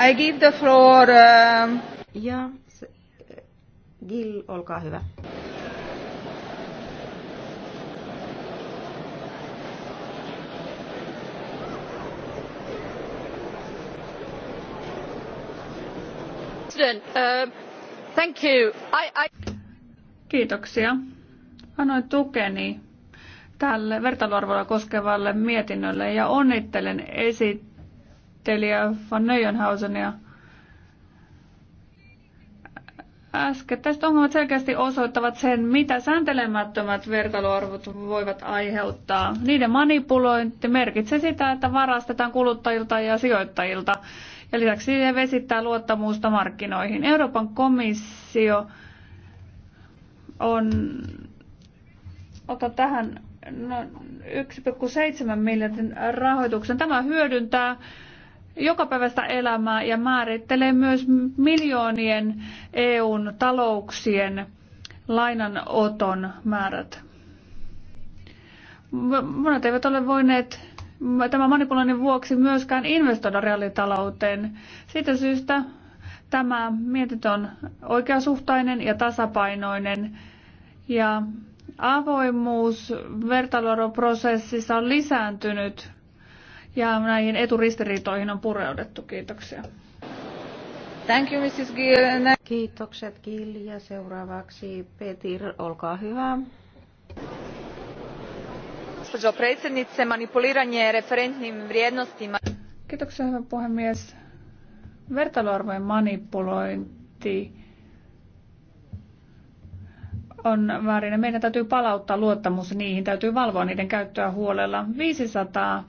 I give the floor... Uh... Ja Gil, olkaa hyvä. Um, Kiitoksia. Annoin tukeni tälle vertailuarvoa koskevalle mietinnölle ja onnittelen esittää esittelijä Van Neuenhausenia. Äskettäiset ongelmat selkeästi osoittavat sen, mitä sääntelemättömät vertailuarvot voivat aiheuttaa. Niiden manipulointi merkitsee sitä, että varastetaan kuluttajilta ja sijoittajilta. Ja lisäksi se vesittää luottamusta markkinoihin. Euroopan komissio on ota tähän no, 1,7 miljardin rahoituksen. Tämä hyödyntää jokapäiväistä elämää ja määrittelee myös miljoonien EUn talouksien lainanoton määrät. Monet eivät ole voineet tämän manipuloinnin vuoksi myöskään investoida reaalitalouteen. Siitä syystä tämä mietintö on oikeasuhtainen ja tasapainoinen ja avoimuus vertailuprosessissa on lisääntynyt ja näihin eturistiriitoihin on pureudettu Kiitoksia. Thank you, Mrs. Gill. Kiitokset Gill ja seuraavaksi Petir, olkaa hyvä. Kiitoksia, hyvä puhemies. Vertailuarvojen manipulointi on väärin. Meidän täytyy palauttaa luottamus niihin, täytyy valvoa niiden käyttöä huolella. 500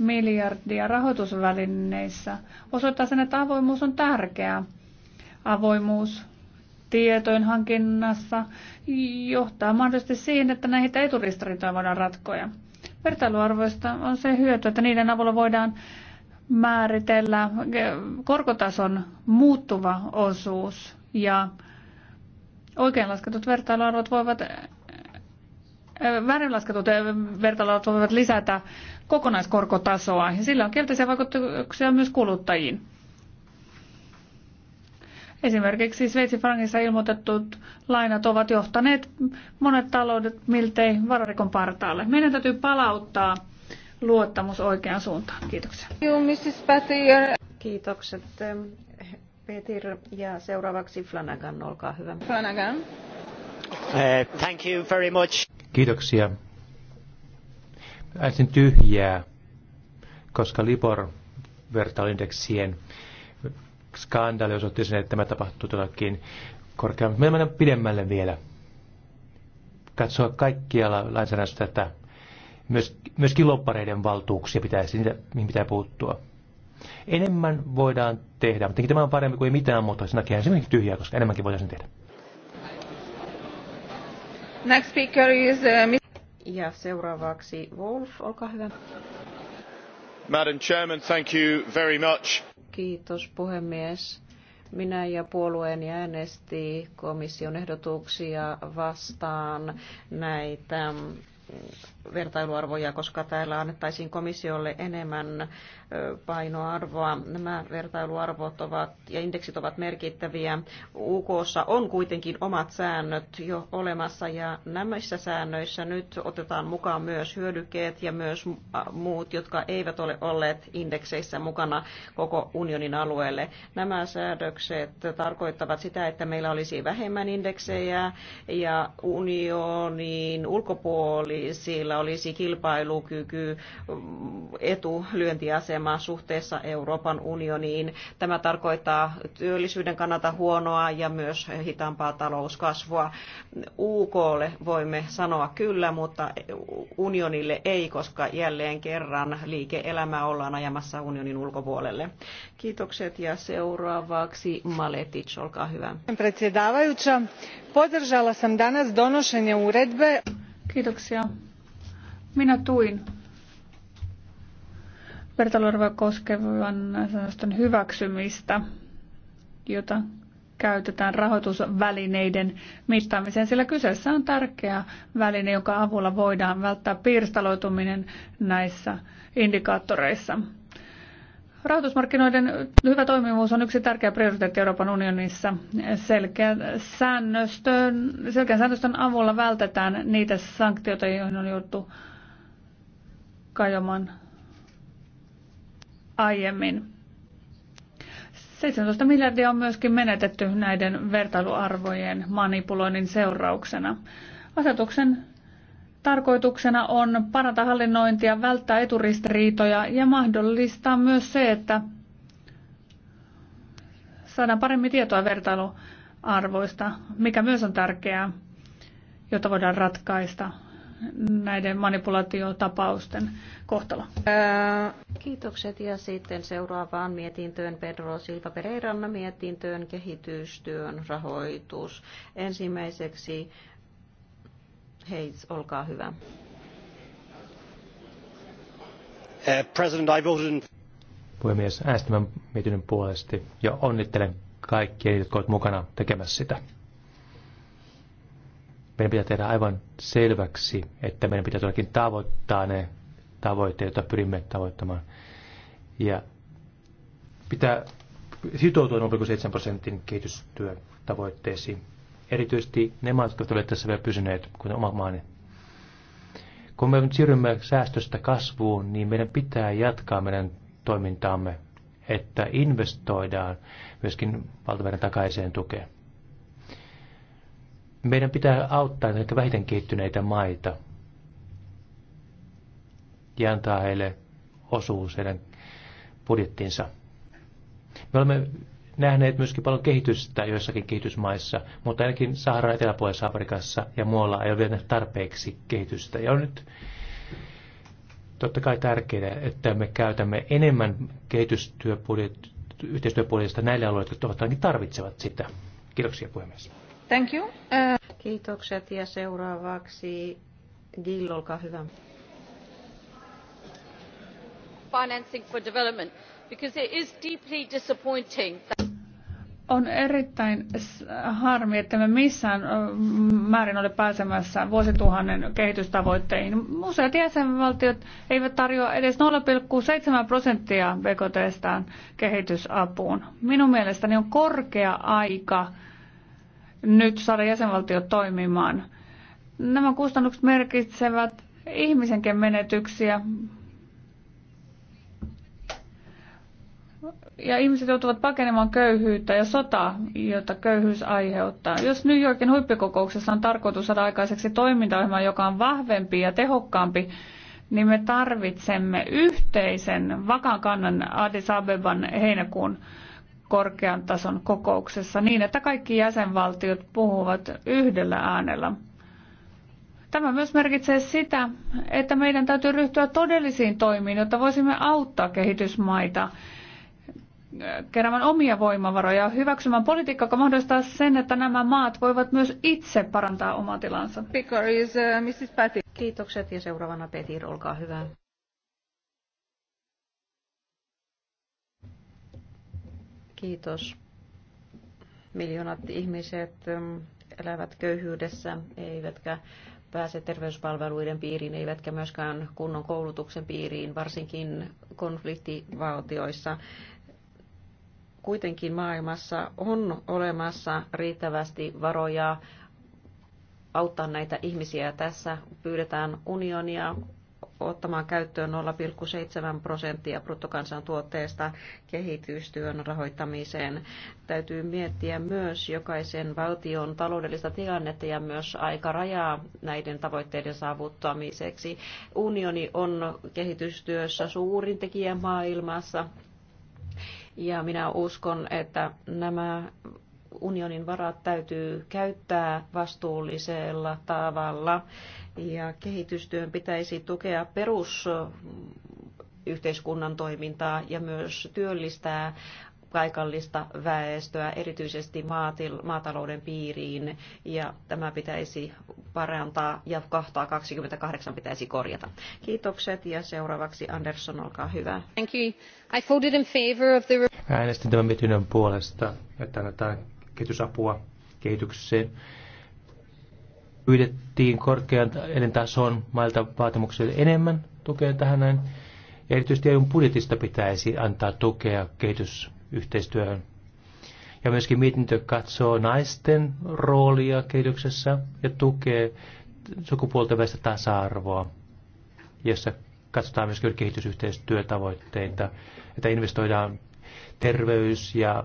miljardia rahoitusvälineissä osoittaa sen, että avoimuus on tärkeää. Avoimuus tietojen hankinnassa johtaa mahdollisesti siihen, että näihin eturistiriitoja voidaan ratkoja. Vertailuarvoista on se hyöty, että niiden avulla voidaan määritellä korkotason muuttuva osuus ja oikein lasketut vertailuarvot voivat väärinlasketut vertailut voivat lisätä kokonaiskorkotasoa ja sillä on kielteisiä vaikutuksia myös kuluttajiin. Esimerkiksi Sveitsin frangissa ilmoitetut lainat ovat johtaneet monet taloudet miltei vararikon partaalle. Meidän täytyy palauttaa luottamus oikeaan suuntaan. Kiitoksia. Kiitokset Petir ja seuraavaksi Flanagan, olkaa hyvä. Flanagan. Uh, thank you very much. Kiitoksia. Äänestin tyhjää, koska Libor vertailindeksien skandaali osoitti sen, että tämä tapahtuu todellakin korkeammin. Me mennään pidemmälle vielä. Katsoa kaikkialla lainsäädännössä tätä. Myös, myöskin loppareiden valtuuksia pitäisi, niitä, mihin pitää puuttua. Enemmän voidaan tehdä, mutta tämä on parempi kuin mitään muuta. Sen takia esimerkiksi tyhjää, koska enemmänkin voitaisiin tehdä. Next speaker is, uh, ja seuraavaksi Wolf, olkaa hyvä. Madam Chairman, thank you very much. Kiitos puhemies. Minä ja puolueeni äänesti komission ehdotuksia vastaan näitä vertailuarvoja, koska täällä annettaisiin komissiolle enemmän painoarvoa. Nämä vertailuarvot ovat ja indeksit ovat merkittäviä. UK on kuitenkin omat säännöt jo olemassa ja näissä säännöissä nyt otetaan mukaan myös hyödykkeet ja myös muut, jotka eivät ole olleet indekseissä mukana koko unionin alueelle. Nämä säädökset tarkoittavat sitä, että meillä olisi vähemmän indeksejä ja unionin ulkopuoli sillä olisi kilpailukyky etulyöntiasema suhteessa Euroopan unioniin. Tämä tarkoittaa työllisyyden kannalta huonoa ja myös hitaampaa talouskasvua. UKlle voimme sanoa kyllä, mutta unionille ei, koska jälleen kerran liike-elämää ollaan ajamassa unionin ulkopuolelle. Kiitokset ja seuraavaksi Maletic, olkaa hyvä. podržala sam danas donošenje uredbe Kiitoksia. Minä tuin vertailurvoja koskevan hyväksymistä, jota käytetään rahoitusvälineiden mittaamiseen, sillä kyseessä on tärkeä väline, jonka avulla voidaan välttää pirstaloituminen näissä indikaattoreissa. Rahoitusmarkkinoiden hyvä toimivuus on yksi tärkeä prioriteetti Euroopan unionissa. Selkeän säännöstön, selkeän säännöstön avulla vältetään niitä sanktioita, joihin on jouduttu kajomaan aiemmin. 17 miljardia on myöskin menetetty näiden vertailuarvojen manipuloinnin seurauksena. Asetuksen Tarkoituksena on parantaa hallinnointia, välttää eturistiriitoja ja mahdollistaa myös se, että saadaan paremmin tietoa vertailuarvoista, mikä myös on tärkeää, jota voidaan ratkaista näiden manipulaatiotapausten kohtalo. Ää... Kiitokset ja sitten seuraavaan mietintöön Pedro Silva Pereiranna mietintöön kehitystyön rahoitus. Ensimmäiseksi Hayes, olkaa hyvä. Uh, President, I voted in... Puhemies, äänestämän mietinnön puolesta ja onnittelen kaikkia, jotka ovat mukana tekemässä sitä. Meidän pitää tehdä aivan selväksi, että meidän pitää todellakin tavoittaa ne tavoitteet, joita pyrimme tavoittamaan. Ja pitää sitoutua 0,7 prosentin kehitystyötavoitteisiin erityisesti ne maat, jotka olivat tässä vielä pysyneet, kuten oma maani. Kun me nyt siirrymme säästöstä kasvuun, niin meidän pitää jatkaa meidän toimintaamme, että investoidaan myöskin valtameren takaiseen tukeen. Meidän pitää auttaa näitä vähiten kehittyneitä maita ja antaa heille osuus heidän budjettinsa. Me olemme nähneet myöskin paljon kehitystä joissakin kehitysmaissa, mutta ainakin Sahara eteläpuolessa Afrikassa ja muualla ei ole vielä tarpeeksi kehitystä. Ja on nyt totta kai tärkeää, että me käytämme enemmän kehitystyöpuolista näille alueille, jotka toivottavasti tarvitsevat sitä. Kiitoksia puhemies. Thank you. Uh... Kiitokset ja seuraavaksi Gill, olkaa hyvä. Financing for development because it is deeply disappointing that on erittäin harmi, että me missään määrin ole pääsemässä vuosituhannen kehitystavoitteihin. Museot jäsenvaltiot eivät tarjoa edes 0,7 prosenttia BKTstään kehitysapuun. Minun mielestäni on korkea aika nyt saada jäsenvaltiot toimimaan. Nämä kustannukset merkitsevät ihmisenkin menetyksiä, ja ihmiset joutuvat pakenemaan köyhyyttä ja sotaa, jota köyhyys aiheuttaa. Jos New Yorkin huippukokouksessa on tarkoitus saada aikaiseksi toimintaohjelma, joka on vahvempi ja tehokkaampi, niin me tarvitsemme yhteisen vakan kannan Addis Abeban heinäkuun korkean tason kokouksessa niin, että kaikki jäsenvaltiot puhuvat yhdellä äänellä. Tämä myös merkitsee sitä, että meidän täytyy ryhtyä todellisiin toimiin, jotta voisimme auttaa kehitysmaita keräämään omia voimavaroja, hyväksymään politiikkaa, joka mahdollistaa sen, että nämä maat voivat myös itse parantaa omaa tilansa. Is, uh, Mrs. Patty. Kiitokset ja seuraavana Petir, olkaa hyvä. Kiitos. Miljoonat ihmiset um, elävät köyhyydessä, eivätkä pääse terveyspalveluiden piiriin, eivätkä myöskään kunnon koulutuksen piiriin, varsinkin konfliktivaltioissa kuitenkin maailmassa on olemassa riittävästi varoja auttaa näitä ihmisiä. Tässä pyydetään unionia ottamaan käyttöön 0,7 prosenttia bruttokansantuotteesta kehitystyön rahoittamiseen. Täytyy miettiä myös jokaisen valtion taloudellista tilannetta ja myös aika rajaa näiden tavoitteiden saavuttamiseksi. Unioni on kehitystyössä suurin tekijä maailmassa ja minä uskon, että nämä unionin varat täytyy käyttää vastuullisella tavalla ja kehitystyön pitäisi tukea perus yhteiskunnan toimintaa ja myös työllistää paikallista väestöä, erityisesti maatalouden piiriin, ja tämä pitäisi parantaa, ja kahtaa 28 pitäisi korjata. Kiitokset, ja seuraavaksi Andersson, olkaa hyvä. Thank you. I voted in favor of the... Äänestin tämän mietinnön puolesta, että annetaan kehitysapua kehitykseen pyydettiin korkean elintason mailta vaatimuksille enemmän tukea tähän näin. erityisesti eu budjetista pitäisi antaa tukea kehitys, yhteistyöhön. Ja myöskin mietintö katsoo naisten roolia kehityksessä ja tukee sukupuolten välistä tasa-arvoa, jossa katsotaan myös kehitysyhteistyötavoitteita, että investoidaan terveys- ja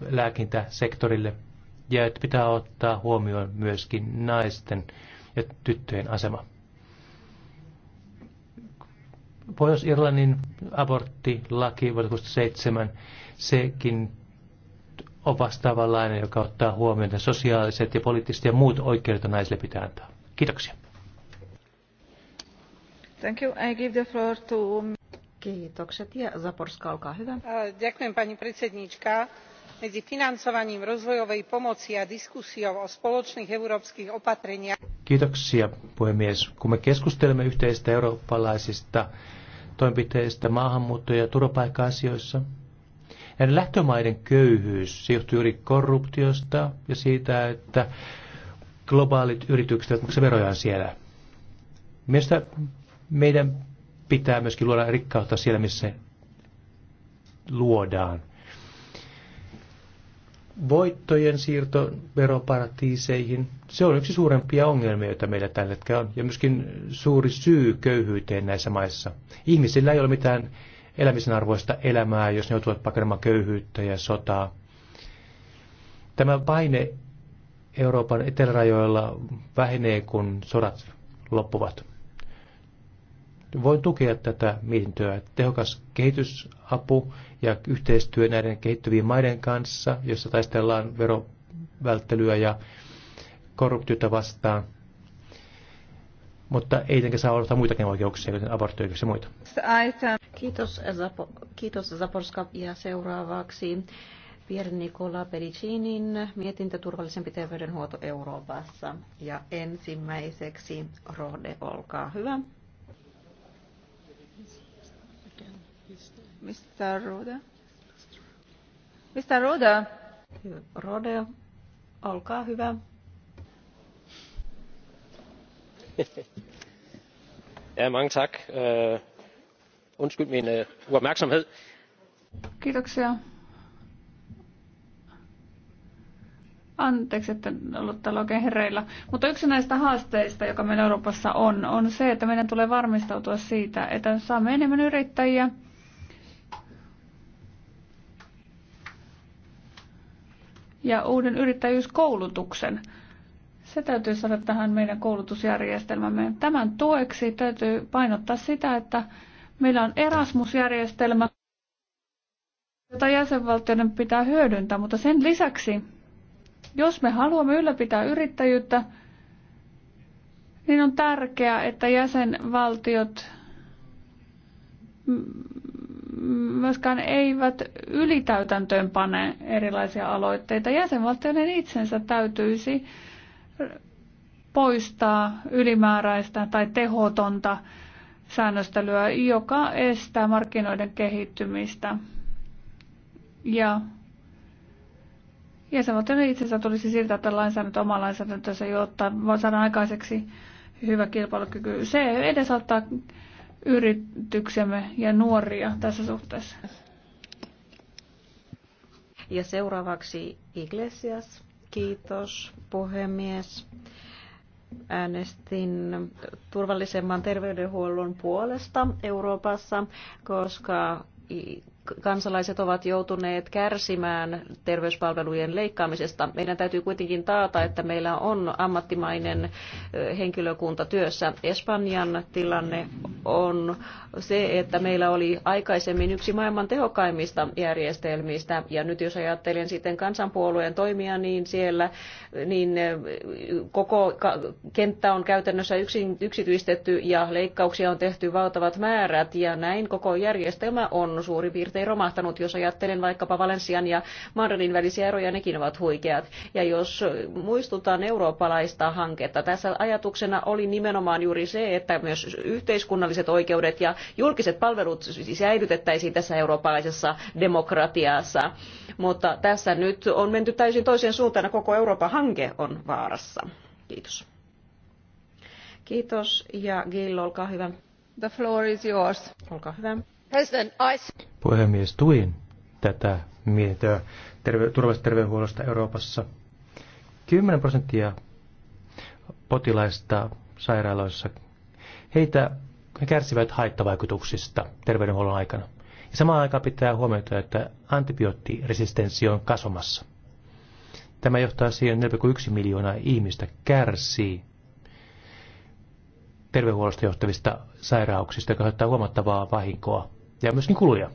lääkintäsektorille ja että pitää ottaa huomioon myöskin naisten ja tyttöjen asema. Pohjois-Irlannin aborttilaki vuodesta 2007 sekin on vastaavanlainen, joka ottaa huomioon että sosiaaliset ja poliittiset ja muut oikeudet, naisille pitää antaa. Kiitoksia. Thank you. I give the floor to... Kiitokset. Ja Zaporska, olkaa hyvä. Ďakujem, pani predsedníčka. Medzi financovaním rozvojovej pomoci ja diskusiou o spoločných európskych opatreniach... Kiitoksia, puhemies. Kun me keskustelemme yhteistä eurooppalaisista toimenpiteistä maahanmuutto- ja turvapaikka-asioissa, Näiden lähtömaiden köyhyys se johtuu juuri korruptiosta ja siitä, että globaalit yritykset ovat verojaan siellä. Mielestäni meidän pitää myöskin luoda rikkautta siellä, missä se luodaan. Voittojen siirto veroparatiiseihin, se on yksi suurempia ongelmia, joita meillä tällä hetkellä on, ja myöskin suuri syy köyhyyteen näissä maissa. Ihmisillä ei ole mitään elämisen arvoista elämää, jos ne joutuvat pakenemaan köyhyyttä ja sotaa. Tämä paine Euroopan etelärajoilla vähenee, kun sodat loppuvat. Voin tukea tätä mietintöä. Tehokas kehitysapu ja yhteistyö näiden kehittyvien maiden kanssa, jossa taistellaan verovälttelyä ja korruptiota vastaan. Mutta ei tietenkään saa olla muitakin oikeuksia, kuten aborttioikeuksia ja muita. Kiitos, Zapo, kiitos Zaporska. Ja seuraavaksi Pier Nicola Pericinin mietintä turvallisempi terveydenhuolto Euroopassa. Ja ensimmäiseksi Rohde, olkaa hyvä. Mr. Rode. Mr. Rode. Rode, olkaa hyvä. Ja, mange tak undskyld min uh, uopmærksomhed. Kiitoksia. Anteeksi, että en ollut täällä oikein hereillä. Mutta yksi näistä haasteista, joka meillä Euroopassa on, on se, että meidän tulee varmistautua siitä, että saamme enemmän yrittäjiä. Ja uuden yrittäjyyskoulutuksen. Se täytyy saada tähän meidän koulutusjärjestelmämme. Tämän tueksi täytyy painottaa sitä, että Meillä on Erasmus-järjestelmä, jota jäsenvaltioiden pitää hyödyntää, mutta sen lisäksi, jos me haluamme ylläpitää yrittäjyyttä, niin on tärkeää, että jäsenvaltiot myöskään eivät ylitäytäntöön pane erilaisia aloitteita. Jäsenvaltioiden itsensä täytyisi poistaa ylimääräistä tai tehotonta säännöstelyä, joka estää markkinoiden kehittymistä. Ja jäsenvaltioiden asiassa tulisi siirtää tämän lainsäädäntö omaan lainsäädäntönsä, jotta saadaan aikaiseksi hyvä kilpailukyky. Se edesauttaa yrityksemme ja nuoria tässä suhteessa. Ja seuraavaksi Iglesias. Kiitos puhemies äänestin turvallisemman terveydenhuollon puolesta Euroopassa, koska kansalaiset ovat joutuneet kärsimään terveyspalvelujen leikkaamisesta. Meidän täytyy kuitenkin taata, että meillä on ammattimainen henkilökunta työssä. Espanjan tilanne on se, että meillä oli aikaisemmin yksi maailman tehokkaimmista järjestelmistä. Ja nyt jos ajattelen sitten kansanpuolueen toimia, niin siellä niin koko kenttä on käytännössä yksityistetty ja leikkauksia on tehty valtavat määrät ja näin koko järjestelmä on suurin piirtein ei romahtanut. Jos ajattelen vaikkapa Valensian ja Madridin välisiä eroja, nekin ovat huikeat. Ja jos muistutaan eurooppalaista hanketta, tässä ajatuksena oli nimenomaan juuri se, että myös yhteiskunnalliset oikeudet ja julkiset palvelut siis säilytettäisiin tässä eurooppalaisessa demokratiassa. Mutta tässä nyt on menty täysin toiseen suuntaan ja koko Euroopan hanke on vaarassa. Kiitos. Kiitos ja Gill, olkaa hyvä. The floor is yours. Olkaa hyvä. Puhemies, tuin tätä mietintöä terve- turvallisesta terveydenhuollosta Euroopassa. 10 prosenttia potilaista sairaaloissa, heitä he kärsivät haittavaikutuksista terveydenhuollon aikana. Ja samaan aikaan pitää huomioida, että antibioottiresistenssi on kasvamassa. Tämä johtaa siihen, että 4,1 miljoonaa ihmistä kärsii terveydenhuollosta johtavista sairauksista, joka aiheuttaa huomattavaa vahinkoa ja myöskin kuluja.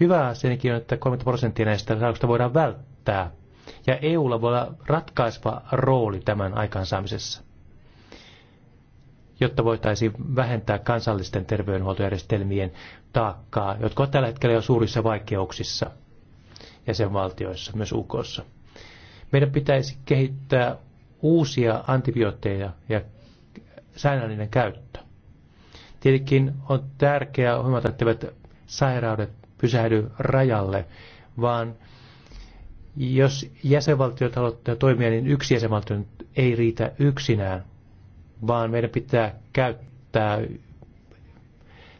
Hyvä senkin on, että 30 prosenttia näistä sairauksista voidaan välttää, ja EUlla voi olla ratkaiseva rooli tämän aikaansaamisessa, jotta voitaisiin vähentää kansallisten terveydenhuoltojärjestelmien taakkaa, jotka ovat tällä hetkellä jo suurissa vaikeuksissa jäsenvaltioissa, myös UKssa. Meidän pitäisi kehittää uusia antibiootteja ja säännöllinen käyttö. Tietenkin on tärkeää huomata, että sairaudet pysähdy rajalle, vaan jos jäsenvaltiot haluavat toimia, niin yksi jäsenvaltio ei riitä yksinään, vaan meidän pitää käyttää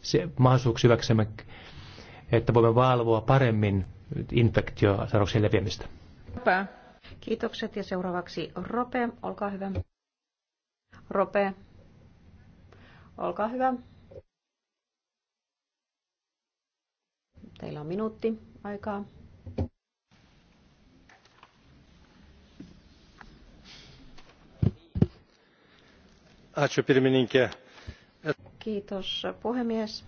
se mahdollisuuksia hyväksemme, että voimme valvoa paremmin infektiosairauksien leviämistä. Kiitokset ja seuraavaksi Rope, olkaa hyvä. Rope, olkaa hyvä. Teillä on minuutti aikaa. Kiitos puhemies.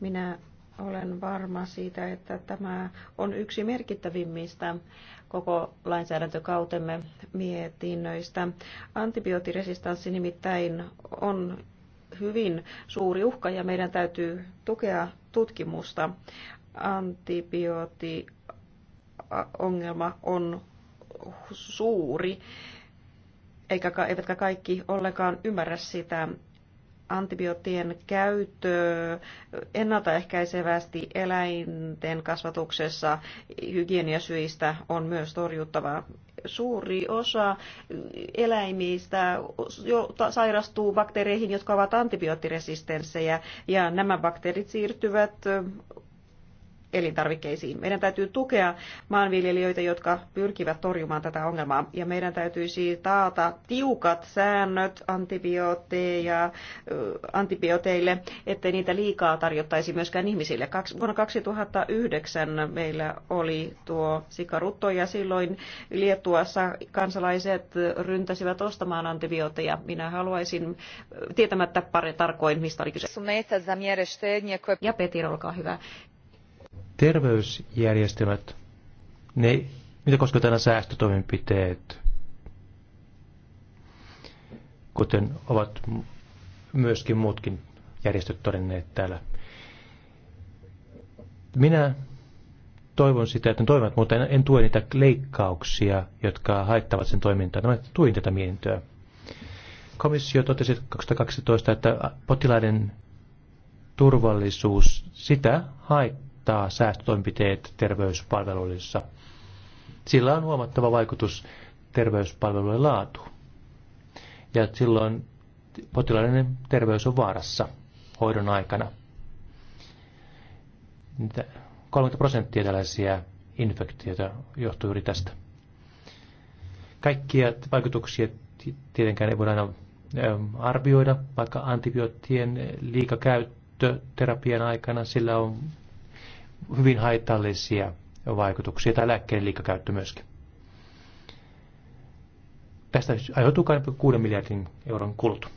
Minä olen varma siitä, että tämä on yksi merkittävimmistä koko lainsäädäntökautemme mietinnöistä. Antibiootiresistanssi nimittäin on hyvin suuri uhka ja meidän täytyy tukea tutkimusta. Antibiootiongelma on suuri, eikä, eivätkä kaikki ollenkaan ymmärrä sitä antibioottien käyttö ennaltaehkäisevästi eläinten kasvatuksessa hygieniasyistä on myös torjuttava suuri osa eläimistä sairastuu bakteereihin, jotka ovat antibioottiresistenssejä, ja nämä bakteerit siirtyvät elintarvikkeisiin. Meidän täytyy tukea maanviljelijöitä, jotka pyrkivät torjumaan tätä ongelmaa. Ja meidän täytyisi taata tiukat säännöt antibiootteja, antibiooteille, ettei niitä liikaa tarjottaisi myöskään ihmisille. Vuonna 2009 meillä oli tuo sikarutto ja silloin Liettuassa kansalaiset ryntäsivät ostamaan antibiootteja. Minä haluaisin tietämättä pari tarkoin, mistä oli kyse. Ja Petir, olkaa hyvä terveysjärjestelmät, ne, mitä koskevat aina säästötoimenpiteet, kuten ovat myöskin muutkin järjestöt todenneet täällä. Minä toivon sitä, että toimivat, mutta en, en tue niitä leikkauksia, jotka haittavat sen toimintaa. Mä tuin tätä mietintöä. Komissio totesi 2012, että potilaiden turvallisuus, sitä haittaa rahoittaa säästötoimenpiteet terveyspalveluissa. Sillä on huomattava vaikutus terveyspalvelujen laatuun. Ja silloin potilaiden terveys on vaarassa hoidon aikana. 30 prosenttia tällaisia infektioita johtuu juuri tästä. Kaikkia vaikutuksia tietenkään ei voida aina ähm, arvioida, vaikka antibioottien liikakäyttö terapian aikana sillä on hyvin haitallisia vaikutuksia tai lääkkeiden liikakäyttö myöskin. Tästä aiheutuu 6 miljardin euron kulut.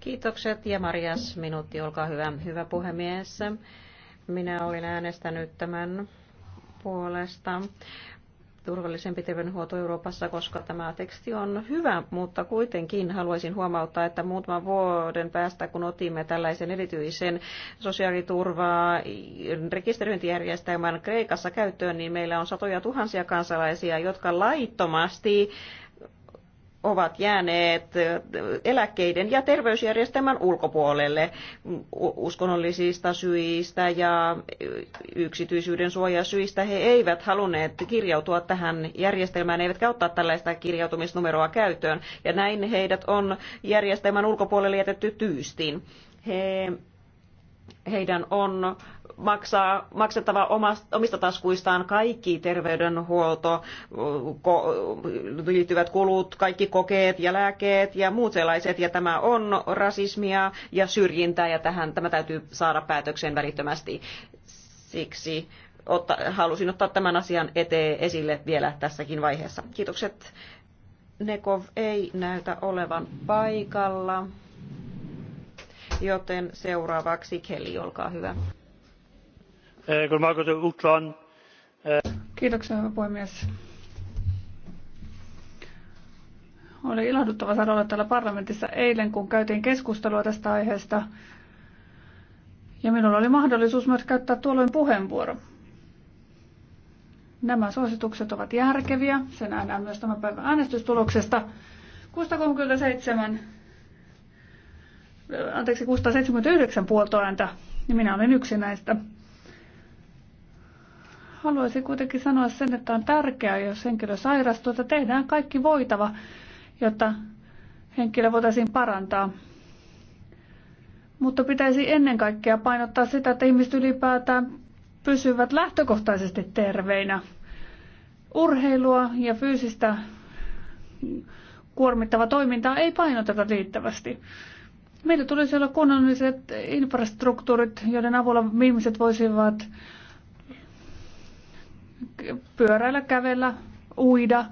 Kiitokset ja Marias, minuutti, olkaa hyvä, hyvä puhemies. Minä olin äänestänyt tämän puolesta turvallisempi terveydenhuolto Euroopassa, koska tämä teksti on hyvä, mutta kuitenkin haluaisin huomauttaa, että muutaman vuoden päästä, kun otimme tällaisen erityisen sosiaaliturvaa rekisteröintijärjestelmän Kreikassa käyttöön, niin meillä on satoja tuhansia kansalaisia, jotka laittomasti ovat jääneet eläkkeiden ja terveysjärjestelmän ulkopuolelle uskonnollisista syistä ja yksityisyyden suojasyistä. He eivät halunneet kirjautua tähän järjestelmään, eivätkä ottaa tällaista kirjautumisnumeroa käyttöön. Ja näin heidät on järjestelmän ulkopuolelle jätetty tyystin. He heidän on maksaa, maksettava omista taskuistaan kaikki terveydenhuolto, ko, liittyvät kulut, kaikki kokeet ja lääkeet ja muut sellaiset. Ja tämä on rasismia ja syrjintää ja tähän, tämä täytyy saada päätökseen välittömästi. Siksi otta, halusin ottaa tämän asian eteen esille vielä tässäkin vaiheessa. Kiitokset. Nekov ei näytä olevan paikalla joten seuraavaksi Kelly, olkaa hyvä. Eh, eh, Kiitoksia, hyvä puhemies. Oli ilahduttava saada olla täällä parlamentissa eilen, kun käytiin keskustelua tästä aiheesta. Ja minulla oli mahdollisuus myös käyttää tuolloin puheenvuoro. Nämä suositukset ovat järkeviä. Se nähdään myös tämän päivän äänestystuloksesta. 637 anteeksi, 679 puoltoääntä, niin minä olen yksi näistä. Haluaisin kuitenkin sanoa sen, että on tärkeää, jos henkilö sairastuu, että tehdään kaikki voitava, jotta henkilö voitaisiin parantaa. Mutta pitäisi ennen kaikkea painottaa sitä, että ihmiset ylipäätään pysyvät lähtökohtaisesti terveinä. Urheilua ja fyysistä kuormittava toimintaa ei painoteta riittävästi. Meillä tulisi olla kunnalliset infrastruktuurit, joiden avulla ihmiset voisivat pyöräillä, kävellä, uida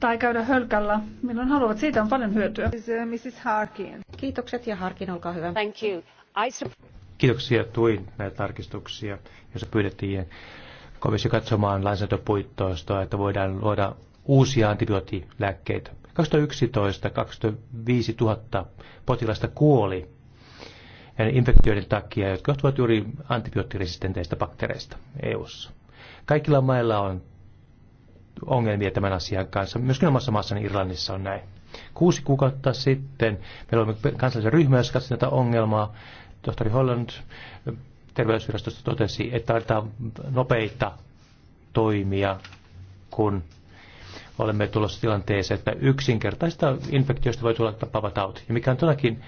tai käydä hölkällä, milloin haluavat. Siitä on paljon hyötyä. Mrs. Harkin. Kiitokset ja Harkin, olkaa hyvä. Thank you. I... Kiitoksia, tuin näitä tarkistuksia, joissa pyydettiin komissio katsomaan lainsäädäntöpuittoistoa, että voidaan luoda uusia antibioottilääkkeitä. 2011 25 000 potilasta kuoli infektioiden takia, jotka johtuvat juuri antibioottiresistenteistä bakteereista EU-ssa. Kaikilla mailla on ongelmia tämän asian kanssa. Myöskin omassa maassani Irlannissa on näin. Kuusi kuukautta sitten meillä oli kansallisen ryhmä, jossa katsoi tätä ongelmaa. Tohtori Holland terveysvirastosta totesi, että tarvitaan nopeita toimia, kun olemme tulossa tilanteeseen, että yksinkertaista infektiosta voi tulla tappava tauti. Ja mikä on todellakin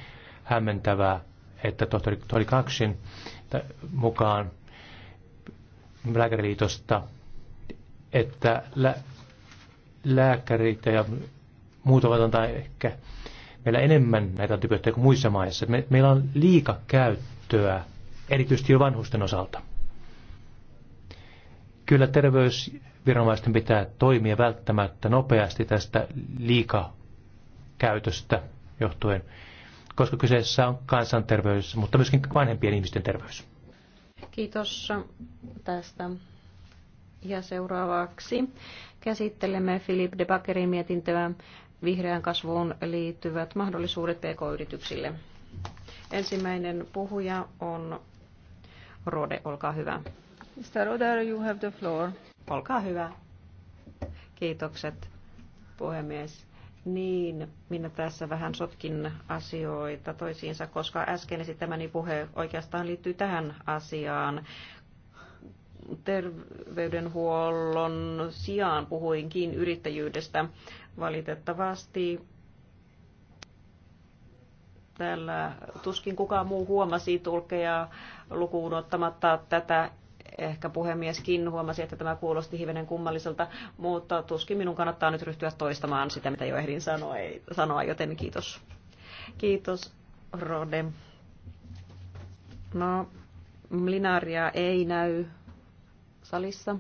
hämmentävää, että tohtori, tohtori Kaksin mukaan lääkäriliitosta, että lä, lääkärit ja muut ovat antaa ehkä meillä enemmän näitä antibiootteja kuin muissa maissa. Me, meillä on liika käyttöä, erityisesti jo vanhusten osalta. Kyllä terveys- viranomaisten pitää toimia välttämättä nopeasti tästä liikakäytöstä johtuen, koska kyseessä on kansanterveys, mutta myöskin vanhempien ihmisten terveys. Kiitos tästä. Ja seuraavaksi käsittelemme Philip de Backerin mietintöä vihreän kasvuun liittyvät mahdollisuudet pk-yrityksille. Ensimmäinen puhuja on Rode, olkaa hyvä. Mr. Rode, you have the floor. Olkaa hyvä. Kiitokset, puhemies. Niin, minä tässä vähän sotkin asioita toisiinsa, koska äsken esittämäni puhe oikeastaan liittyy tähän asiaan terveydenhuollon sijaan puhuinkin yrittäjyydestä. Valitettavasti täällä tuskin kukaan muu huomasi tulkeja lukuun ottamatta tätä Ehkä puhemieskin huomasi, että tämä kuulosti hivenen kummalliselta, mutta tuskin minun kannattaa nyt ryhtyä toistamaan sitä, mitä jo ehdin sanoa, ei, sanoa joten kiitos. Kiitos, Rode. No, Linaria ei näy salissa,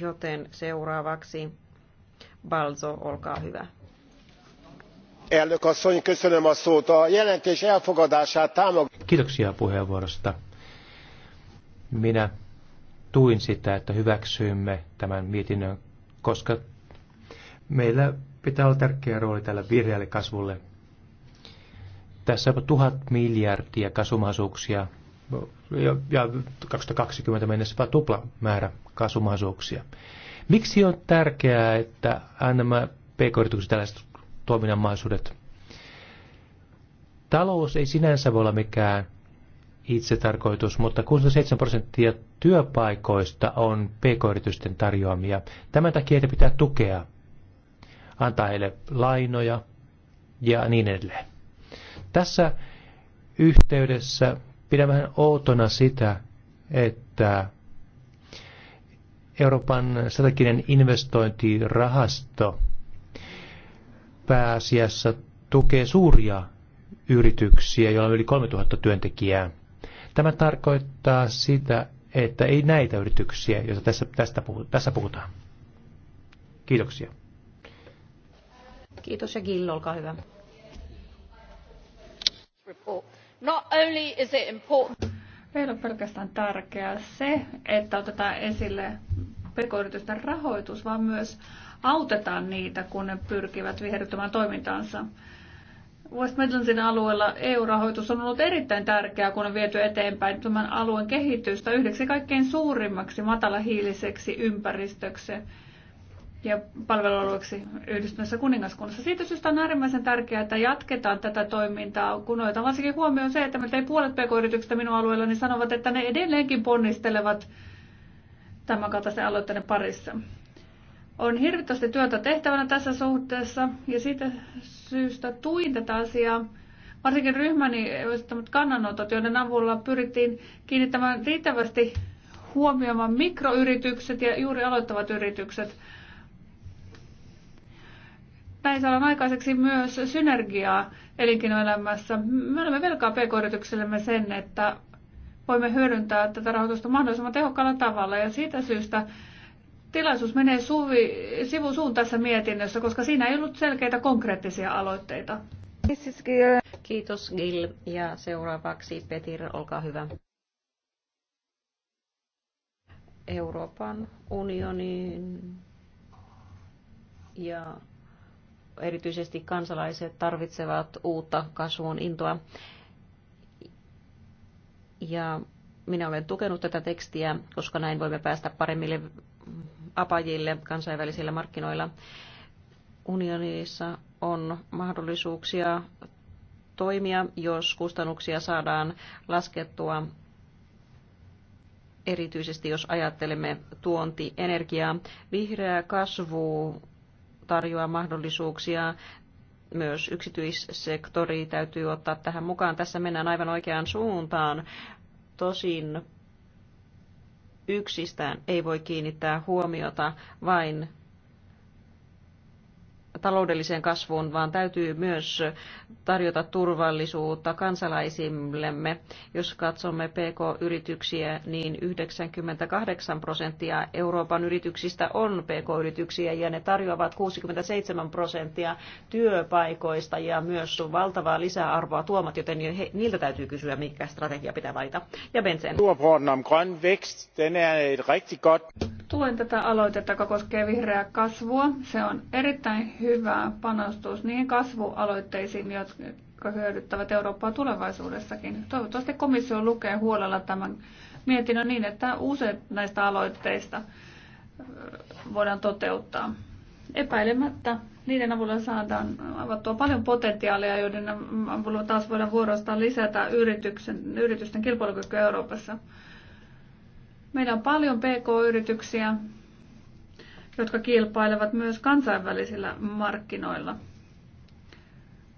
joten seuraavaksi Balzo, olkaa hyvä elnök asszony köszönöm a szót. a jelentés elfogadását puheenvuorosta. Minä tuin sitä, että hyväksyimme tämän mietinnön, koska meillä pitää olla tärkeä rooli tällä vihreälle kasvulle. Tässä on tuhat miljardia kasvumahdollisuuksia ja 2020 mennessä vain tupla määrä kasvumahdollisuuksia. Miksi on tärkeää, että nämä pk yritykset tällaiset toiminnan mahdollisuudet? Talous ei sinänsä voi olla mikään itsetarkoitus, mutta 67 prosenttia työpaikoista on pk-yritysten tarjoamia. Tämän takia heitä pitää tukea, antaa heille lainoja ja niin edelleen. Tässä yhteydessä pidän vähän outona sitä, että Euroopan strateginen investointirahasto pääasiassa tukee suuria yrityksiä, joilla on yli 3000 työntekijää. Tämä tarkoittaa sitä, että ei näitä yrityksiä, joita tässä, tästä puhu, tässä puhutaan. Kiitoksia. Kiitos ja Gill, olkaa hyvä. Not only is it important... Meillä on pelkästään tärkeää se, että otetaan esille pk-yritysten rahoitus, vaan myös autetaan niitä, kun ne pyrkivät viherryttämään toimintaansa. West Midlandsin alueella EU-rahoitus on ollut erittäin tärkeää, kun on viety eteenpäin tämän alueen kehitystä yhdeksi kaikkein suurimmaksi matalahiiliseksi ympäristöksi ja palvelualueeksi yhdistyneessä kuningaskunnassa. Siitä syystä on äärimmäisen tärkeää, että jatketaan tätä toimintaa, kun otetaan varsinkin huomioon se, että ei puolet pk-yrityksistä minun alueellani sanovat, että ne edelleenkin ponnistelevat tämän kaltaisen aloitteiden parissa. On hirvittävästi työtä tehtävänä tässä suhteessa ja siitä syystä tuin tätä asiaa. Varsinkin ryhmäni esittämät kannanotot, joiden avulla pyrittiin kiinnittämään riittävästi huomioimaan mikroyritykset ja juuri aloittavat yritykset. Näin saadaan aikaiseksi myös synergiaa elinkeinoelämässä. Me olemme velkaa pk-yrityksellemme sen, että voimme hyödyntää tätä rahoitusta mahdollisimman tehokkaalla tavalla ja siitä syystä tilaisuus menee suvi, sivusuun tässä mietinnössä, koska siinä ei ollut selkeitä konkreettisia aloitteita. Kiitos Gil ja seuraavaksi Petir, olkaa hyvä. Euroopan unionin ja erityisesti kansalaiset tarvitsevat uutta kasvun intoa. Ja minä olen tukenut tätä tekstiä, koska näin voimme päästä paremmille apajille kansainvälisillä markkinoilla. Unionissa on mahdollisuuksia toimia, jos kustannuksia saadaan laskettua erityisesti jos ajattelemme tuontienergiaa. Vihreä kasvu tarjoaa mahdollisuuksia myös yksityissektori täytyy ottaa tähän mukaan. Tässä mennään aivan oikeaan suuntaan. Tosin yksistään ei voi kiinnittää huomiota vain taloudelliseen kasvuun, vaan täytyy myös tarjota turvallisuutta kansalaisillemme. Jos katsomme PK-yrityksiä, niin 98 prosenttia Euroopan yrityksistä on PK-yrityksiä ja ne tarjoavat 67 prosenttia työpaikoista ja myös valtavaa lisäarvoa tuomat, joten he, niiltä täytyy kysyä, mikä strategia pitää valita. Ja Bensen. Tuen tätä aloitetta, joka koskee vihreää kasvua. Se on erittäin hyvä panostus niihin kasvualoitteisiin, jotka hyödyttävät Eurooppaa tulevaisuudessakin. Toivottavasti komissio lukee huolella tämän mietinnön niin, että useat näistä aloitteista voidaan toteuttaa. Epäilemättä niiden avulla saadaan avattua paljon potentiaalia, joiden avulla taas voidaan vuorostaan lisätä yrityksen, yritysten kilpailukykyä Euroopassa. Meillä on paljon PK-yrityksiä, jotka kilpailevat myös kansainvälisillä markkinoilla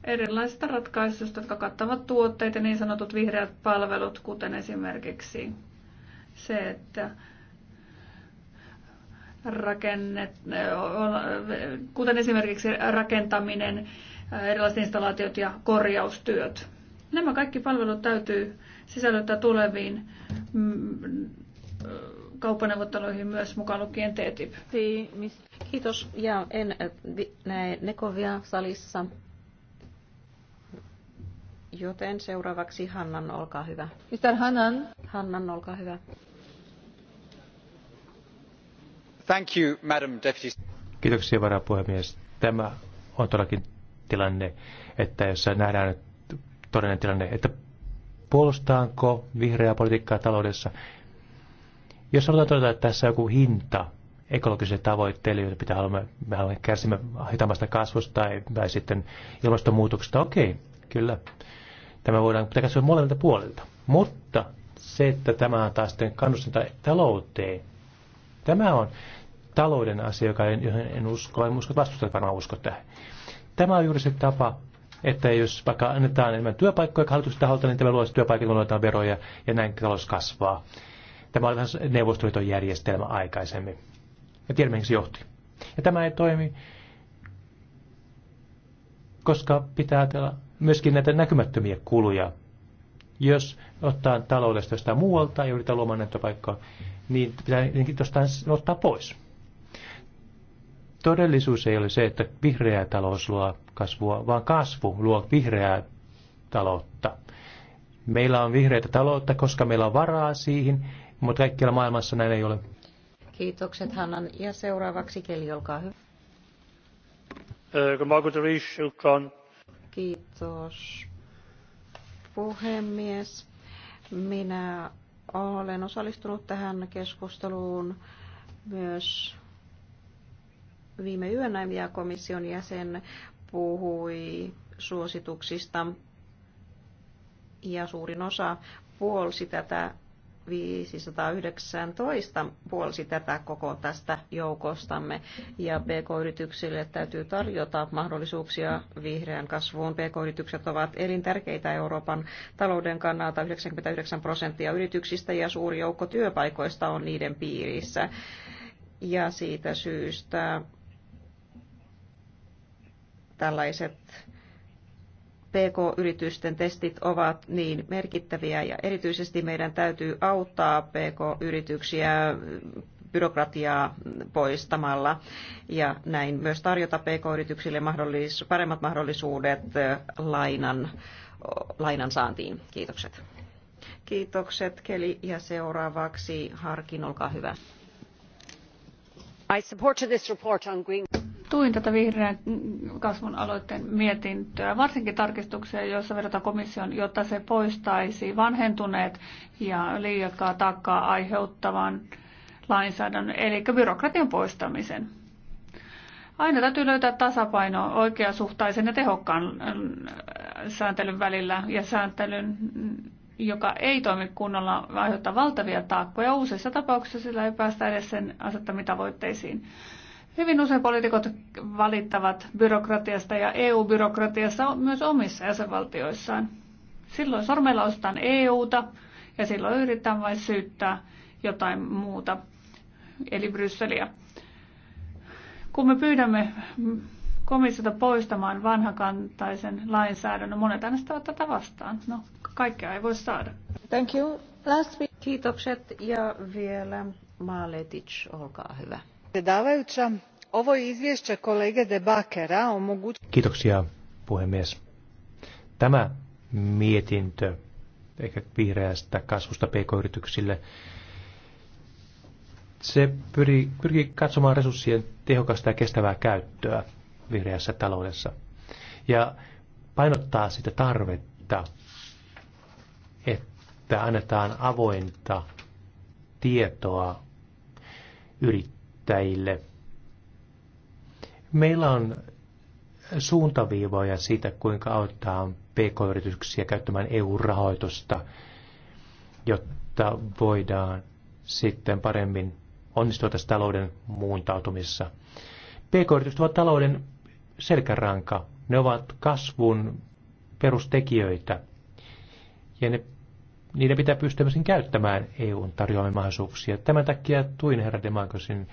erilaisista ratkaisuista, jotka kattavat tuotteet ja niin sanotut vihreät palvelut, kuten esimerkiksi se, että rakennet, kuten esimerkiksi rakentaminen, erilaiset installaatiot ja korjaustyöt. Nämä kaikki palvelut täytyy sisällyttää tuleviin mm, kauppaneuvotteluihin myös mukaan lukien TTIP. Kiitos. Ja en äh, näe Nekovia salissa. Joten seuraavaksi Hannan, olkaa hyvä. Mr. Hannan. Hannan, olkaa hyvä. Thank you, Madam Deputy. Kiitoksia, varapuhemies. Tämä on todellakin tilanne, että jos nähdään todellinen tilanne, että puolustaanko vihreää politiikkaa taloudessa, jos halutaan todeta, että tässä on joku hinta ekologisille tavoitteille, joita pitää haluamme, me haluamme kärsimme hitaammasta kasvusta tai, tai sitten ilmastonmuutoksesta, okei, kyllä. Tämä voidaan pitää katsoa molemmilta puolilta. Mutta se, että tämä on taas sitten kannustinta talouteen, tämä on talouden asia, joka en, johon en usko, en usko että varmaan usko tähän. Tämä on juuri se tapa, että jos vaikka annetaan enemmän työpaikkoja hallituksen taholta, niin tämä luo työpaikkoja, luodaan veroja ja näin talous kasvaa. Tämä oli vähän neuvostoliiton järjestelmä aikaisemmin. Ja tiedämme, miksi se johti. Ja tämä ei toimi, koska pitää ajatella myöskin näitä näkymättömiä kuluja. Jos ottaa taloudesta jostain muualta ja yritetään luomaan näitä paikkaa, niin pitää jostain ottaa pois. Todellisuus ei ole se, että vihreä talous luo kasvua, vaan kasvu luo vihreää taloutta. Meillä on vihreitä taloutta, koska meillä on varaa siihen mutta kaikkialla maailmassa näin ei ole. Kiitokset Hannan. Ja seuraavaksi Keli, olkaa hyvä. Kiitos puhemies. Minä olen osallistunut tähän keskusteluun myös viime yönä ja komission jäsen puhui suosituksista ja suurin osa puolsi tätä 519 puolsi tätä koko tästä joukostamme. Ja PK-yrityksille täytyy tarjota mahdollisuuksia vihreän kasvuun. PK-yritykset ovat elintärkeitä Euroopan talouden kannalta. 99 prosenttia yrityksistä ja suuri joukko työpaikoista on niiden piirissä. Ja siitä syystä tällaiset PK-yritysten testit ovat niin merkittäviä ja erityisesti meidän täytyy auttaa PK-yrityksiä byrokratiaa poistamalla ja näin myös tarjota PK-yrityksille mahdollis- paremmat mahdollisuudet lainan, lainan saantiin. Kiitokset. Kiitokset Keli ja seuraavaksi Harkin, olkaa hyvä. I support this report on green tuin tätä vihreän kasvun aloitteen mietintöä, varsinkin tarkistuksia, joissa vedotaan komission, jotta se poistaisi vanhentuneet ja liikaa taakkaa aiheuttavan lainsäädännön, eli byrokratian poistamisen. Aina täytyy löytää tasapaino oikeasuhtaisen ja tehokkaan äh, sääntelyn välillä ja sääntelyn, joka ei toimi kunnolla, aiheuttaa valtavia taakkoja. Useissa tapauksissa sillä ei päästä edes sen asettamitavoitteisiin. tavoitteisiin. Hyvin usein poliitikot valittavat byrokratiasta ja eu byrokratiasta myös omissa jäsenvaltioissaan. Silloin sormella ostetaan EUta ja silloin yritetään vain syyttää jotain muuta, eli Brysseliä. Kun me pyydämme komissiota poistamaan vanhakantaisen lainsäädännön, monet äänestävät tätä vastaan. No, kaikkea ei voi saada. Thank you. Last week. Kiitokset ja vielä Maaletic, olkaa hyvä predsjedavajuća ovo izvješće kolege de backera omogućuje... Kiitoksia puhemies. Tämä mietintö ehkä vihreästä kasvusta pk-yrityksille se pyri, pyrkii katsomaan resurssien tehokasta ja kestävää käyttöä vihreässä taloudessa. Ja painottaa sitä tarvetta, että annetaan avointa tietoa yrittäjille yrittäjille. Meillä on suuntaviivoja siitä, kuinka auttaa pk-yrityksiä käyttämään EU-rahoitusta, jotta voidaan sitten paremmin onnistua tässä talouden muuntautumissa. PK-yritykset ovat talouden selkäranka. Ne ovat kasvun perustekijöitä. Ja ne niiden pitää pystyä myöskin käyttämään EUn tarjoamia mahdollisuuksia. Tämän takia tuin herra Demagosin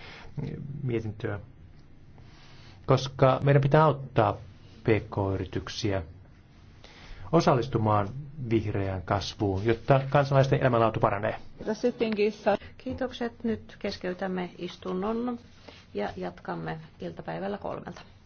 mietintöä, koska meidän pitää auttaa PK-yrityksiä osallistumaan vihreään kasvuun, jotta kansalaisten elämänlaatu paranee. Kiitokset. Nyt keskeytämme istunnon ja jatkamme iltapäivällä kolmelta.